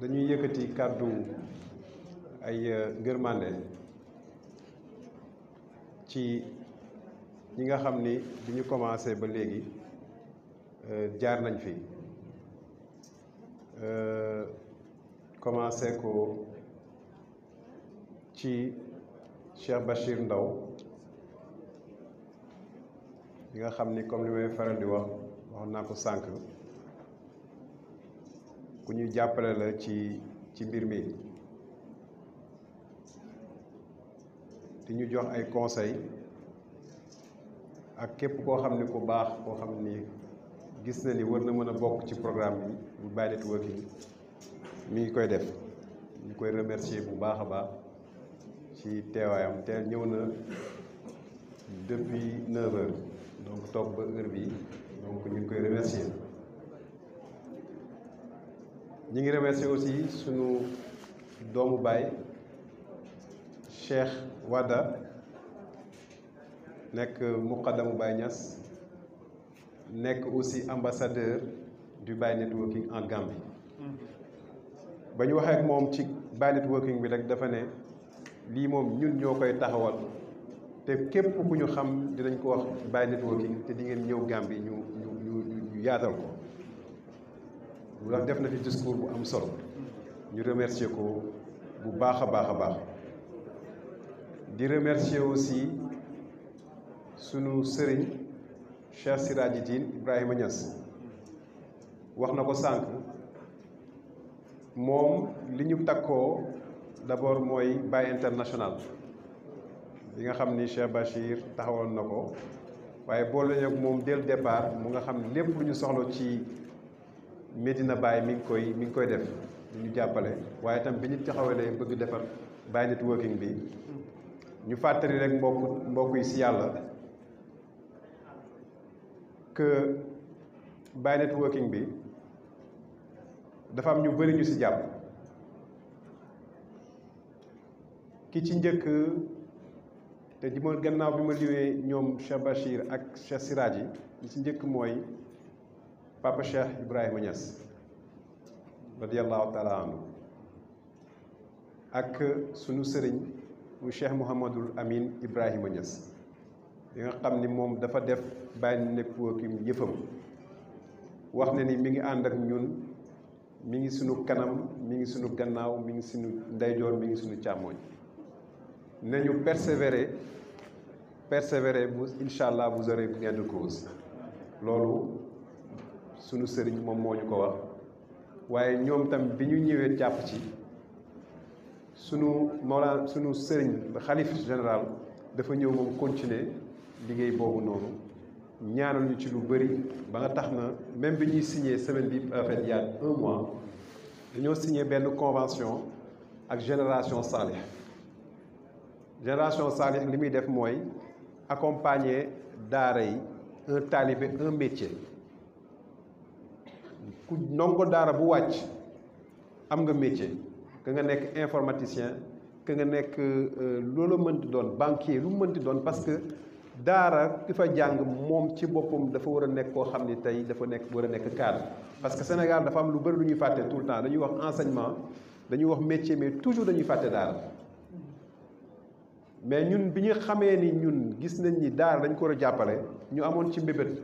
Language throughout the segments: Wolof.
dañuy yëkkati kàddu ay euh, ngërmande ci ñi nga xam ni di ñu commencé ba léegi euh, jaar nañ fi euh, commencé ko ci Cheikh Bachir Ndaw bi nga xam ni comme li may faral di wax wax naa ko sànq. ku ñu jàppale la ci ci mbir mi di ñu jox ay conseil ak képp koo xam ni ku baax koo xam ni gis na ni war na mën a bokk ci programme bi bu Buy ki mu ngi koy def ñu koy remercier bu baax a baax ci teewaayam teel ñëw na depuis 9 heures donc toog ba heure bi donc ñu ngi koy remercier ñi ngi remercier aussi suñu doomu baay Cheikh wadda nekk muqaddamu Baye Niass nekk aussi ambassadeur du Baye Networking en Gambie ba ñu waxee ak moom ci Baye Networking bi rek dafa ne lii moom ñun ñoo koy taxawal te képp ku ñu xam dinañ ko wax Baye Networking te di ngeen ñëw Gambie ñu ñu ñu ñu yaatal ko bu la def na fi discours bu am solo ñu remercier ko bu baax a baax a baax di remercier aussi sunu sëriñ Cheikh Siraji Diine Ibrahima Niass wax na ko sànq moom li ñu takkoo d'abord mooy Baye international bi nga xam ni Cheikh Bachir taxawoon na ko waaye boole ak moom dès le mu nga xam lépp lu ñu soxla ci Medina Baye mi ngi koy mi ngi koy def di ñu jàppale waaye itam bi ñu taxawalee bëgg defar Baye Net bi ñu fàttari rek mbokk mbokk yi si yàlla que Baye Net bi dafa am ñu bëri ñu jàpp ki ci njëkk te di ma gannaaw bi ma liwee ñoom Cheikh ak Cheikh Siraji yi ci njëkk mooy papa Cheikh Ibrahima Niass radiallahu taala anhu ak suñu sëriñ mu Cheikh Mouhamadul Amin Ibrahima Niass li nga xam ni moom dafa def bàyyi nekkuwa ki yëfam wax na ni mi ngi ànd ak ñun mi ngi sunu kanam mi ngi suñu gannaaw mi ngi suñu ndeyjoor mi ngi suñu càmmooñ nañu persévérer persévérer vous incha allah vous aurez gain de loolu sunu sëriñ moom moo ñu ko wax waaye ñoom tamit bi ñu ñëwee jàpp ci sunu Mawla sunu sëriñ xalif général dafa ñëw moom continuer liggéey boobu noonu ñaanal ñu ci lu bëri ba nga tax na même bi ñuy signé semaine bi en fait un mois dañoo signé benn convention ak génération Salih génération Salih li muy def mooy accompagner daara yi un talibé un métier. ku ndongo daara bu wàcc am nga métier ka nga nekk informaticien ka nga nekk euh, loolu mënti doon banquier lu mënti doon parce que daara ki fa jàng moom ci boppam dafa war a nekk koo xam ni tey dafa nekk war a nekk cadre parce que Sénégal dafa am lu bëri lu ñuy fàtte tout le temps dañuy wax enseignement dañuy wax métier mais toujours dañuy fàtte daara mais ñun bi ñu xamee ni ñun gis nañ ni daara dañ ko war a jàppale ñu amoon ci mbébét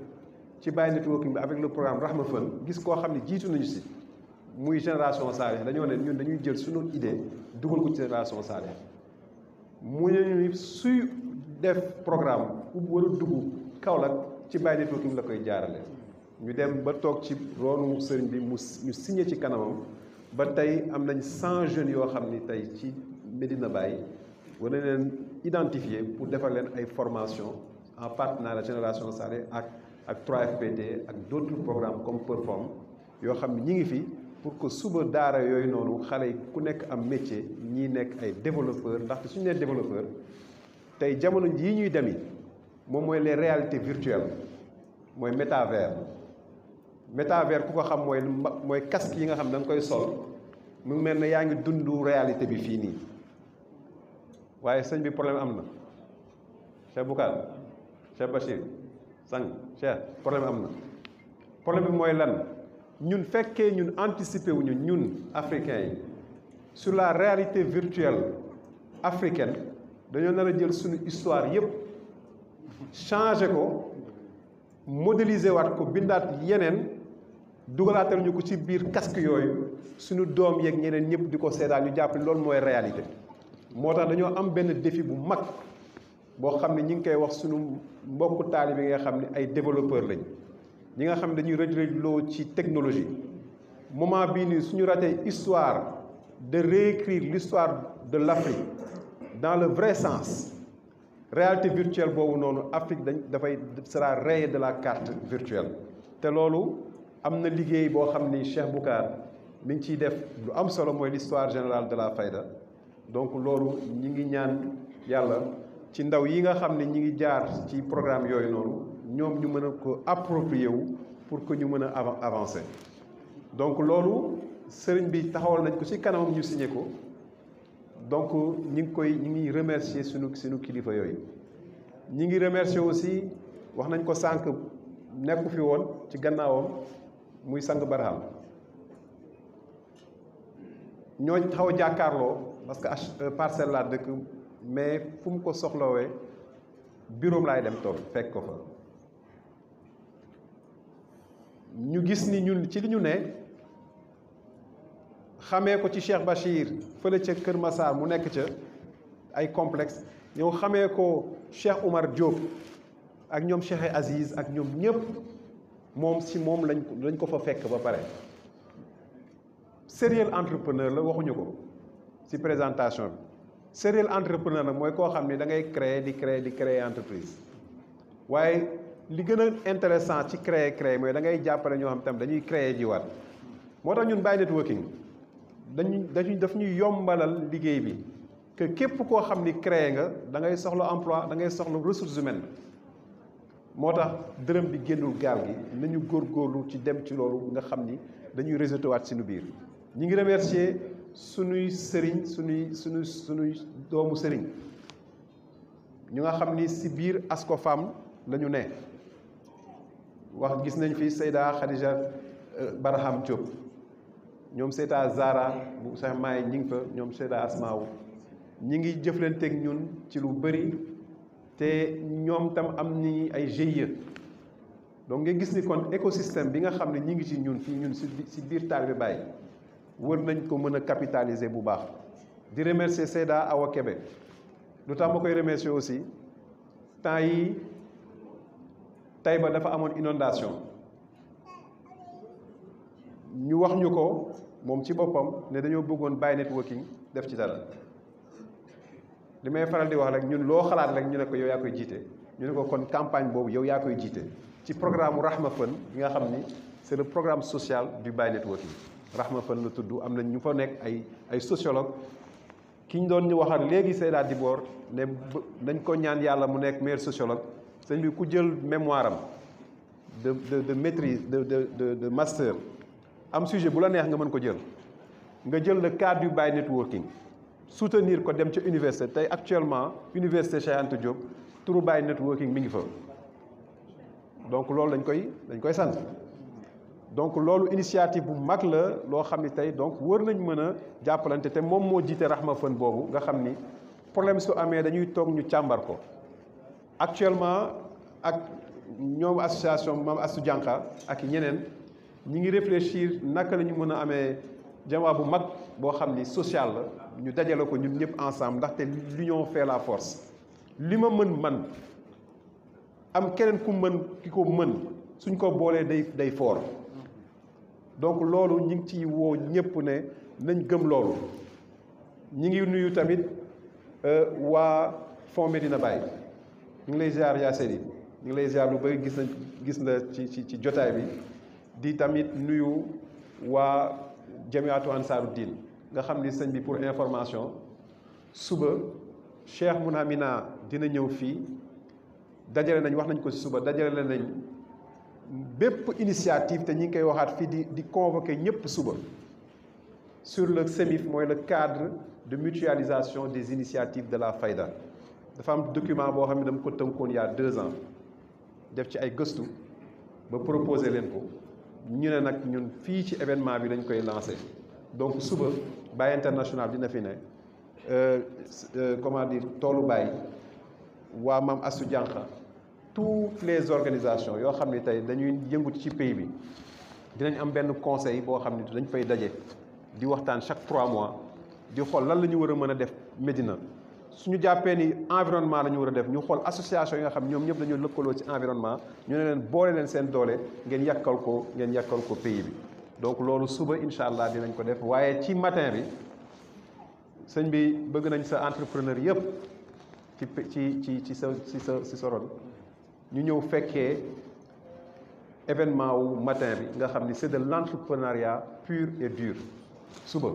ci bàyyi networking bi avec le programme Rahma Fall gis koo xam ne jiitu nañu si muy génération Salih lañoo ne ñun dañuy jël suñu idée dugal ko ci génération Salih mu ne suy def programme ub war a dugg Kaolack ci bàyyi networking la koy jaarale ñu dem ba toog ci roonu sëriñ bi mu ñu signé ci kanamam ba tey am nañ cent jeunes yoo xam ni tey ci Medina Baye wane leen identifié pour defar leen ay formation en partenariat génération Salih ak ak 3FPT ak d'autres programmes comme Perform yoo xam ne ñi ngi fi pour que suba daara yooyu noonu xale yi ku nekk am métier ñii nekk ay développeur ndax suñu nee développeur tey jamono jii ñuy demi moom mooy les réalité virtuelles mooy métavers métavers ku ko xam mooy mooy casque yi nga xam da nga koy sol mu mel ne yaa ngi dund réalité bi fii nii waaye sëñ bi problème am na Cheikh Boucar Cheikh Bachir sang cher problème am na problème bi mooy lan ñun fekkee ñun anticiper wuñu ñun africain yi sur la réalité virtuelle africaine dañoo nar a jël suñu histoire yépp changé ko modéliser waat ko bindaat yeneen dugalaataluñu ko ci biir casque yooyu suñu doom yeeg ñeneen ñëpp di ko seetaan ñu jàpp loolu mooy réalité moo tax dañoo am benn défi bu mag boo xam ne ñi ngi koy wax suñu mbokku taalibe yi nga xam ne ay développeur lañ ñi nga xam ne dañuy rëj rëjloo ci technologie moment bii nii suñu ratee histoire de réécrire l'histoire de l'Afrique dans le vrai sens réalité virtuelle boobu noonu Afrique dañ dafay sera rayée de la carte virtuelle te loolu am na liggéey boo xam ni Cheikh Boucar mi ngi ciy def lu am solo mooy l'histoire générale de la Fayda donc loolu ñi ngi ñaan yàlla ci ndaw yi nga xam ne ñi ngi jaar ci programme yooyu noonu ñoom ñu mën a ko approprier wu pour que ñu mën a avancé donc loolu sëriñ bi taxawal nañ ko ci kanamam ñu signé ko donc ñi ngi koy ñi ngi remercier sunu sunu kilifa yooyu ñi ngi remercier aussi wax nañ ko sànq nekku fi woon ci gannaawam muy sang baraham ñoo taxaw jàkkaarloo parce que euh, parcelle laa dëkk mais fu mu ko soxlawee bureau laay dem tool fekk ko fa ñu gis ni ñun ci li ñu ne xamee ko ci Cheikh Bachir fële ca Kër Massar mu nekk ca ay complexe ñëw xamee ko Cheikh Oumar Diop ak ñoom Cheikh Aziz ak ñoom ñëpp moom si moom lañ ko ko fa fekk ba pare. sérieux entrepreneurs la waxuñu ko si présentation bi. serial entrepreneur na mooy koo xam ni da ngay créer di créer di créer entreprise waaye li gën a intéressant ci créer créer mooy da ngay jàppale ñoo xam tam dañuy créer jiwaat moo tax ñun by networking dañu dañu daf ñuy yombalal liggéey bi que képp koo xam ni créer nga da ngay soxla emploi da ngay soxla ressources humaines moo tax dërëm bi génnul gaal gi nañu góor góorlu ci dem ci loolu nga xam ni dañuy réseauté waat sunu biir ñi ngi remercier suñuy sëriñ suñuy sunu sunuy doomu sëriñ ñu nga xam ni si biir ASCOFAM la ne wax gis nañ fi Seyda Khadija euh, Baraham Diop ñoom Seyda Zara bu sax maay ñi ngi fa ñoom Seyda Asmaaw ñi ngi jëflanteeg ñun ci lu bari te ñoom tam am ni ay GIE donc nga gis ni kon écosystème bi nga xam ne ñi ngi ci ñun fii ñun si biir bi Baay wër nañ ko mën a capitaliser bu baax di remercier Seyda Awa kebe lu tax ma koy remercier aussi temps yi Taïba dafa amoon inondation ñu wax ñu ko moom ci boppam ne dañoo bëggoon bàyyi networking def ci dara li may faral di wax rek ñun loo xalaat rek ñu ne ko yow yaa koy jiite ñu ne ko kon campagne boobu yow yaa koy jiite ci programme Rahma Fën bi nga xam ni c'est le programme social du Baye Networking Rahma Fall la tudd am na ñu fa nekk ay ay sociologue ki ñu doon ñu waxal léegi di Dibor ne dañ ko ñaan yàlla mu nekk meilleur sociologue sëñ bi ku jël mémoire am de de de maîtrise de de de de master am sujet bu la neex nga mën ko jël nga jël le cadre du by networking soutenir ko dem ca université tey actuellement université Cheikh Anta Diop turu by networking mi ngi fa donc loolu dañ koy dañ koy sant. donc loolu initiative bu mag la loo xam ni tey donc wër nañ mën a jàppalante te moom moo jiite Rahma Fën boobu nga xam ni problème su amee dañuy toog ñu càmbar ko actuellement ak ñoom association Mame Astou Diankha ak ñeneen ñi ngi réfléchir naka lañu mën a amee jamaa bu mag boo xam ni social la ñu dajale ko ñun ñëpp ensemble ndaxte l'union fait la force li ma mën man am keneen ku mën ki ko mën suñ ko boolee day day fort donc loolu ñi ngi ciy woo ñëpp ne nañ gëm loolu ñi ngi nuyu tamit euh, waa Fonds dina Baye ñu ngi lay ziar yaa seen ñu ngi lay ziar lu bëri gis na gis na ci ci ci jotaay bi di tamit nuyu waa jamiatu ansaaru diin nga xam ni sëñ bi pour information suba Cheikh Mounamina dina ñëw fii dajale nañ wax nañ ko si suba dajale nañ bépp initiative te ñi ngi koy waxaat fii di di convoquer ñëpp suba sur le CEMIF mooy le cadre de mutualisation des initiatives de la fayda dafa am document boo xam ne dama ko tënkoon il y ans def ci ay gëstu ba proposer leen ko ñu ne nag ñun fii ci événement bi dañ koy lancer donc suba Baye international dina fi ne euh, euh, comment dire toolu Baye waa maam Assou Diankha tout les organisations yoo xam ne tey dañuy yëngut ci pays bi dinañ am benn conseil boo xam ne dañu fay daje di waxtaan chaque trois mois di xool lan la ñu war a mën a def Médina suñu jàppee ni environnement la ñu war a def ñu xool association yi nga xam ñoom ñëpp dañoo lëkkaloo ci environnement ñu ne leen boole leen seen doole ngeen yàkkal ko ngeen yàkkal ko pays bi donc loolu suba incha allah dinañ ko def waaye ci matin bi sëñ bi bëgg nañ sa entrepreneur yëpp ci ci ci ci sa ci sa ci sa ñu ñëw fekkee événement wu matin bi nga xam ni c'est de l'entrepreneuriat pur et dur suba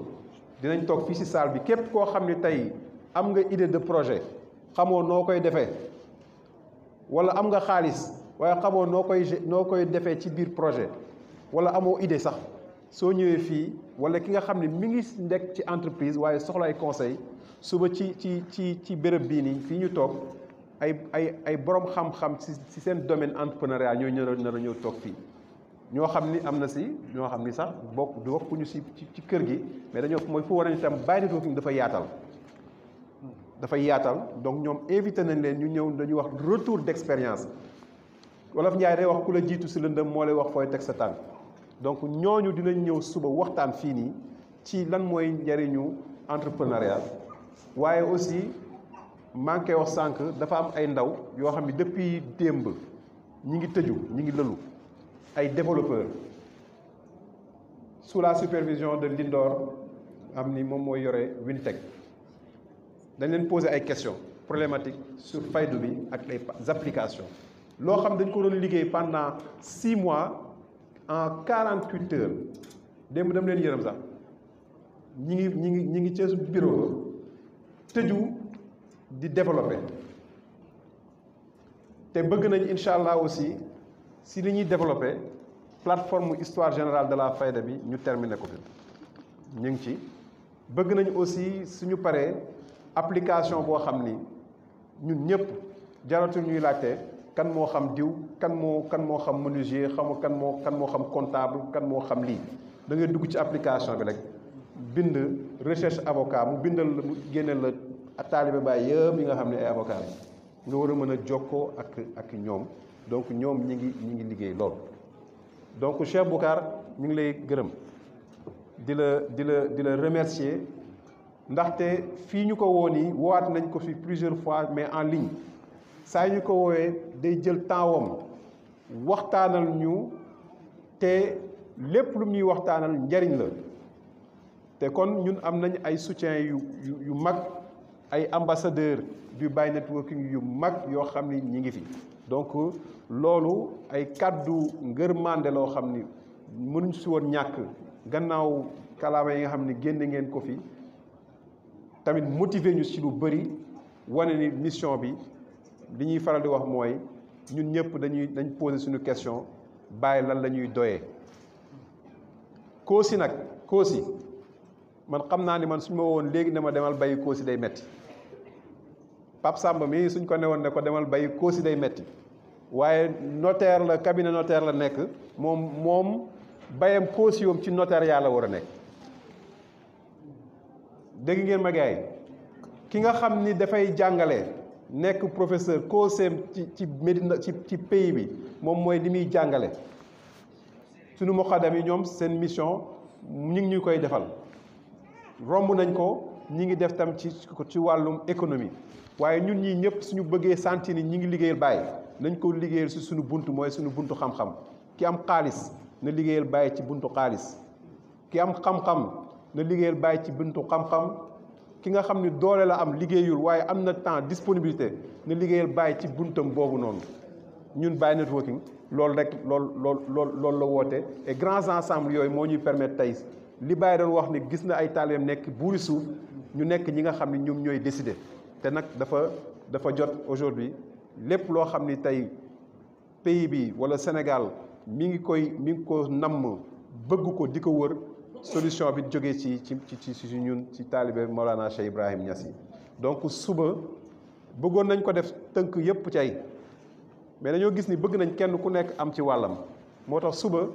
dinañ toog fii ci salle bi képp koo xam ni tey am nga idée de projet xamoo noo koy defee wala am nga xaalis waaye xamoo noo koy noo koy defee ci biir projet wala amoo idée sax soo ñëwee fii wala ki nga xam ni mi ngi ndekk ci entreprise waaye soxla ay conseil suba ci ci ci ci béréb bii nii fii ñu toog ay ay boroom xam-xam si si seen domaine entrepreneuriat ñoo ñëw nar a ñëw toog fii ñoo xam ni am na si ñoo xam ni sax bokk bokkuñu si ci kër gi mais dañoo mooy fu war a itam bàyyi networking dafa yaatal yaatal donc ñoom invité nañ leen ñu ñëw dañuy wax retour d'expérience wolof Njaay day wax ku la jiitu si lëndëm moo lay wax fooy teg sa tànk donc ñooñu dinañ ñëw suba waxtaan fii nii ci lan mooy njariñu entrepreneuriat waaye aussi maa ngi koy wax sànq dafa am ay ndaw yoo xam ne depuis démb ñi ngi tëju ñi ngi lëlu ay développeurs su la supervision de Lindor am ni moom mooy yore Wintech dañ leen poser ay question problématiques sur faydu bi ak ay applications loo xam dañ ko doon liggéey pendant six mois en quarante huit heures démb dem leen yërëm sax ñi ngi ñi ngi ñi ngi ci bureau tëju di développer te bëgg nañ incha allah aussi si li ñuy développer plateforme histoire général de la fayda bi ñu terminer ko fi ñu ngi ci bëgg nañ aussi suñu paree application boo xam ni ñun ñëpp jaratul ñuy laajte kan moo xam diw kan moo kan moo xam menuisier xam kan moo kan moo xam comptable kan moo xam lii da ngay dugg ci application bi rek bind recherche avocat mu bindal la génneel la. ak taalibe Baay yëpp yi nga xam ne ay avocat yi nga war a mën a jokkoo ak ak ñoom donc ñoom ñi ngi ñi ngi liggéey lool donc Cheikh Boucar ñu ngi lay gërëm di la di la di la remercier ndaxte fii ñu ko woo nii woowaat nañ ko fi plusieurs fois mais en ligne saa ñu ko woowee day jël temps wam waxtaanal ñu te lépp lu ñuy waxtaanal njariñ la te kon ñun am nañ ay soutien yu yu yu mag ay ambassadeur du Baye networking yu mag yoo xam ni ñi ngi fi donc loolu ay kàddu ngërmande loo xam ni mënuñ si woon ñàkk gannaaw kalaama yi nga xam ni génn ngeen ko fi tamit motiver ñu si lu bari wane ni mission bi li ñuy faral di wax mooy ñun ñëpp dañuy dañ poser suñu question bàyyi lan lañuy ñuy doyee Kossy nag Kossy man xam naa ni man su ma woon léegi dama demal bàyyi Kossy day metti ab Samb mi suñ ko newoon ne ko demal bay koosi day metti waaye notaire la cabinet notaire la nekk moom moom bayam koosi ci notaire yàlla war a nekk dégg ngeen ma gaay ki nga xam ni dafay jàngale nekk professeur kooseem ci ci Médina ci ci pays bi moom mooy li muy jàngale sunu moqadam yi ñoom seen mission ñu ngi ñu koy defal romb nañ ko ñu ngi def tam ci ci wàllum économie waaye ñun ñii ñëpp suñu bëggee sentir ni ñi ngi liggéeyal bàyyi nañ ko liggéeyal si suñu bunt mooy suñu buntu xam-xam ki am xaalis na liggéeyal bàyyi ci buntu xaalis ki am xam-xam na liggéeyal bàyyi ci buntu xam ki nga xam ni doole la am liggéeyul waaye am na temps disponibilité na liggéeyal bàyyi ci buntam boobu noonu ñun bàyyi networking loolu rek loolu loolu loolu loolu la woote et grands ensembles yooyu moo ñuy permettre tey li bàyyi doon wax ni gis na ay taalibeem nekk buuri suuf ñu nekk ñi nga xam ne ñoom ñooy décider te nag dafa dafa jot aujourd'hui lépp loo xam ni tey pays bi wala Sénégal mi ngi koy mi ngi ko namm bëgg ko di ko wër solution bi jóge ci ci ci ci ñun ci taalibe Maolana Cheikh Ibrahim Niass yi donc suba bëggoon nañ ko def tënk yépp ci mais dañoo gis ni bëgg nañ kenn ku nekk am ci wàllam moo tax suba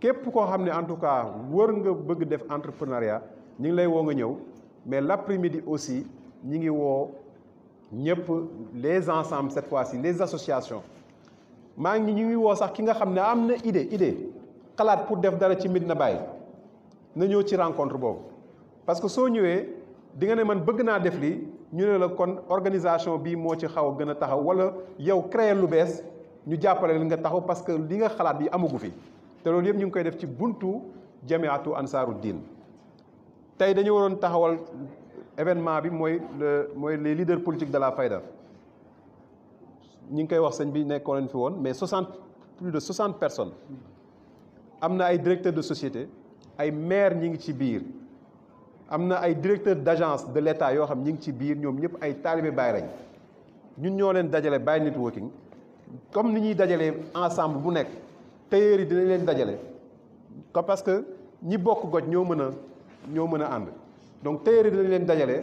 képp koo xam ne en tout cas wër nga bëgg def entrepreneuriat ñu ngi lay woo nga ñëw mais l'après-midi aussi ñu ngi woo ñëpp les ensembles cette fois-ci les associations maa ngi ñu ngi woo sax ki nga xam ne am na idée idée xalaat pour def dara ci mit na Baye na ñëw ci rencontre boobu parce que soo ñëwee di nga ne man bëgg naa def li ñu ne la kon organisation bii moo ci xaw a gën a taxaw wala yow créer lu bees ñu jàppale leen nga taxaw parce que li nga xalaat bi amagu fi te loolu yëpp ñu ngi koy def ci buntu jamiatu ansaaru diin tey dañu waroon taxawal événement bi mooy le mooy les leaders politiques de la Fayda ñi ngi koy wax sëñ bi nekkoon leen fi woon mais soixante plus de soixante personnes am na ay directeurs de société ay maire ñi ngi ci biir am na ay directeurs d' agence de l' yoo xam ñi ngi ci biir ñoom ñëpp ay taalibe Baay lañ ñun ñoo leen dajale Baay networking comme ni ñuy dajalee ensemble bu nekk tailleurs yi dinañ leen dajale ko parce que ñi bokk goj ñoo mën a ñoo mën a ànd donc tailleurs yi dinañ leen dajale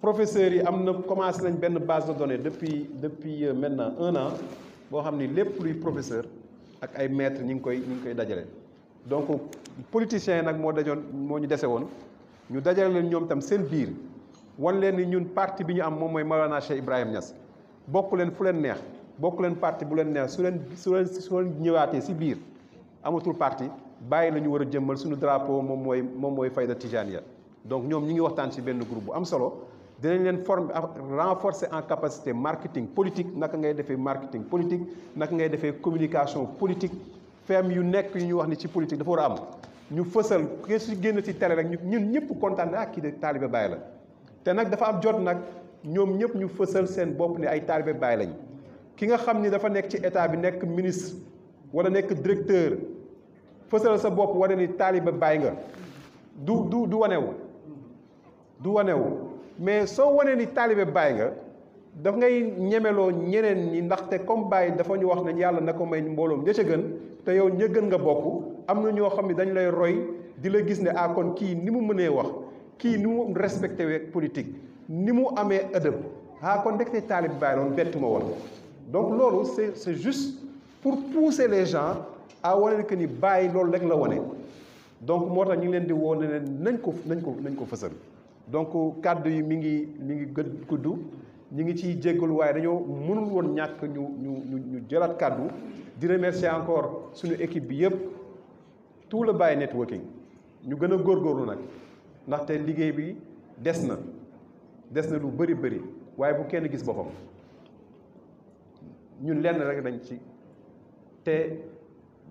professeurs yi am na commencé nañ benn base de données depuis depuis euh, maintenant un an boo xam ni lépp luy professeur ak ay maîtres ñi ngi koy ñi ngi koy dajale. donc politiciens yi nag moo dajoon moo ñu dese woon ñu dajale leen ñoom itam seen biir wan leen ni ñun parti bi ñu am moom mooy Mawlana Cheikh Ibrahim Niass bokk leen fu leen neex bokk leen parti bu leen neex su leen su leen su leen ñëwaatee si biir amatul parti bàyyi la war a jëmmal suñu drapeau moom mooy moom mooy fayda Tijaaniya donc ñoom ñu ngi waxtaan ci benn groupe bu am solo dinañ leen former ah, renforcer en capacité marketing politique naka ngay defee marketing politique naka ngay defee communication politique feem yu nekk yu ñu wax ni ci politique dafa war a am ñu fësal ke si génn ci télé rek ñun ñëpp kontaan na ak ah, kii de taalibe Baay la te nag dafa am jot nag ñoom ñëpp ñu fësal seen bopp ne ay taalibe Baay lañ ki nga xam ni dafa nekk ci état bi nekk ministre wala nekk directeur fësal sa bopp wane ni taalibe Baay nga du du du wanewu du wanewu mais soo wanee ni taalibe bàyyi nga daf ngay ñemeloo ñeneen ñi ndaxte comme Baay dafa ñu wax nañ yàlla na ko may mbooloom ña ca gën te yow ña gën nga bokk am na ñoo xam ne dañu lay roy di la gis ne ah kon kii ni mu mënee wax kii ni mu respecté weeg politique ni mu amee ëdëb ah kon ndekete taalibe Baay loon bett ma woon donc loolu c'est c'est juste pour pousser les a à wane que ni bàyyi loolu rek la wane donc moo tax ñu ngi leen di woo ne leen nañ ko nañ ko nañ ko fësal. donc kàddu yi mi ngi mi ngi gën gudd ñu ngi ciy jéggalu waaye dañoo mënul woon ñàkk ñu ñu ñu ñu jëlaat kàddu di remercier encore suñu équipe bi yëpp tout le Baye networking ñu gën a góor góorlu nag ndaxte liggéey bi des na des na lu bëri bëri waaye bu kenn gis boppam ñun lenn rek dañ ci te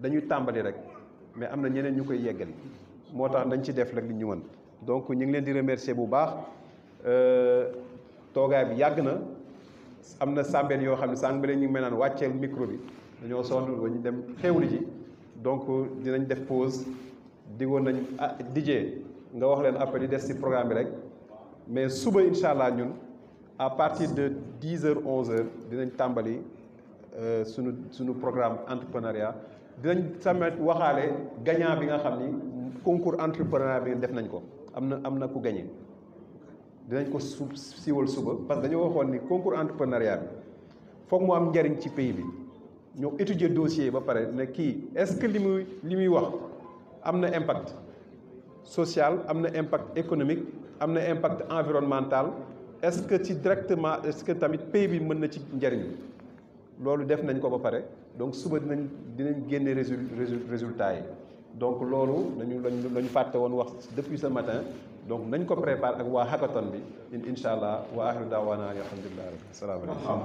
dañuy tàmbali rek mais am na ñeneen ñu koy yeggali moo tax dañ ci def rek li ñu mën donc ñu ngi leen di remercier bu baax euh, toogaay bi yàgg na am na sàmbeen yoo xam ne sànq ba ñu ngi may naan dañoo sonn ba ñu dem xewlu ji donc dinañ def pause diggoon nañ ah dijee nga wax leen après di des ci programme bi rek mais suba incha allah ñun à partir de dix heures onze heures dinañ tàmbali euh, suñu suñu programme entrepreneuriat dinañ samet waxaale gagnant bi nga xam ni concours entrepreneuriat bi def nañ ko am na am na ku gagné dinañ ko su siiwal suba parce que dañoo waxoon ni concours entrepreneuriat bi foog mu am njariñ ci pays bi ñoo étudier dossier ba pare ne kii est-ce que li muy li muy wax am na impact social am na impact économique am na impact environnemental est-ce que ci directement est-ce que tamit pays bi mën na ci njariñ loolu def nañ ko ba pare donc suba dinañ dinañ génne résultat yi donc loolu dañu lañu lañu fàtte woon wax depuis ce matin donc nañ ko préparé ak waa hackathon bi in incha allah wa axiru daawaana alhamdulilah rabbi salaamaaleykum